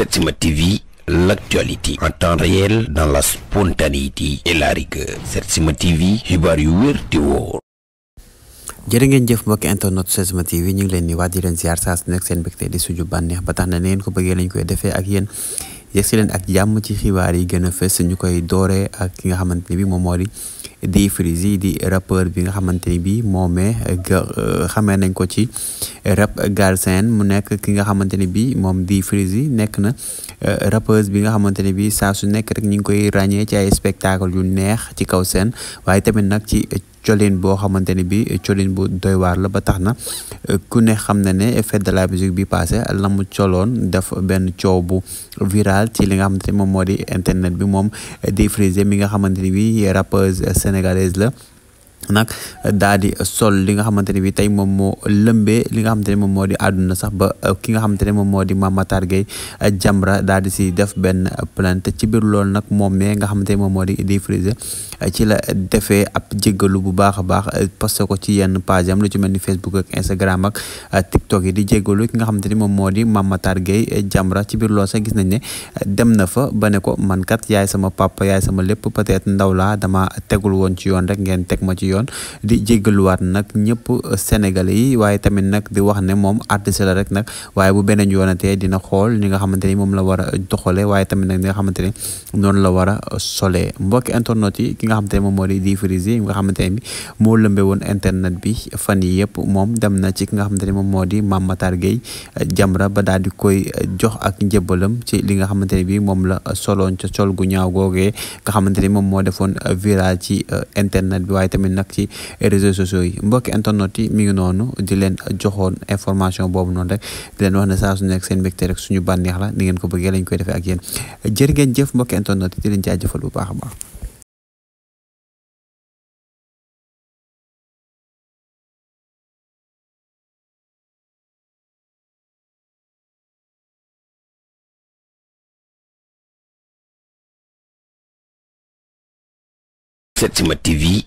Setsima TV l'actualité en temps réel dans la spontanéité et la rigueur Setsima TV xibaar yu wér te wóor jërë ngeen jëf mbokki internet Setsima TV ñu ngi leen di waaj leen ziar saa su nekk seen mbégte di suñu bànneex ba tax neen ngeen ko bëggee lañ koy defee ak yéen yegsi ak jàmm ci xibaar yi gën a fës ñu koy dooree ak ki nga xamante ne bi moom moo di di Freezy di rappeur bi nga xamante ni bi moomee euh, xamee nañ ko ci rap Galsen mu nekk ki nga xamante ni bi moom di yi nekk na euh, rappeuse bi nga xamante ne bi saa su nekk rek ñu ngi koy ràññee ci ay spectacle yu neex ci kaw seen waaye tamit nag ci colin boo xamante ne bi colin bu doy waar la ba tax na ku ne xam ne ne fête de la musique bi passé la mu coloon def benn coow bu viral ci li nga xam ne moom moo di internet bi moom Dee Freeze mi nga xamante ne bi rappeuse sénégalaise la tax nag daa di sol li nga xamante ne bi tey moom moo lëmbee li nga xamante ne moom moo di àdduna sax ba euh, ki nga xamante ne moom moo di Mame Matar Gueye euh, Jamra di si def benn plainte ci biir loolu nag moom mee nga xamante ne moom moo di di frise euh, ci la defee ab jéggalu bu baax a baax posté ko ci yenn page am lu ci mel ni Facebook ak Instagram ak TikTok yi di jéggalu ki nga xamante ni moom moo di Mame Matar Gueye ci biir loolu sax gis nañ ne dem na fa ba ne ko man kat yaay sama papa yaay sama lépp peut-être ndaw laa dama tegul woon ci yoon rek ngeen teg ma ci yoon yoon di jéggaluwaat nag ñëpp euh, sénégalais yi waaye tamit nag di wax ne moom artiste la rek nag waaye bu beneen yoonatee dina xool ni nga xamante ni moom la war a euh, doxalee waaye tamit nag ni nga xamante ne noonu la war a euh, solee mbokki internet yi ki nga xamante ne moom moo di Dee Freezy yi nga ne bi moo lëmbe woon internet bi fan yi yëpp moom dem na ci ki nga xamante ne moom moo di Mame Matar Gueye Jamra ba daal di koy jox ak njëbalam ci li nga xamante ne bi moom la soloon ca sol gu ñaaw googee nga xamante ni moom moo defoon viral ci internet bi waaye tamit nag nekk ci réseaux sociaux yi mbokki internet yi mi ngi noonu di leen joxoon information boobu noonu rek di leen wax ne saa su nekk seen mbégte rek suñu bànneex la ni ngeen ko bëggee lañ koy defee ak yéen jërë ngeen jëf mbokki internet yi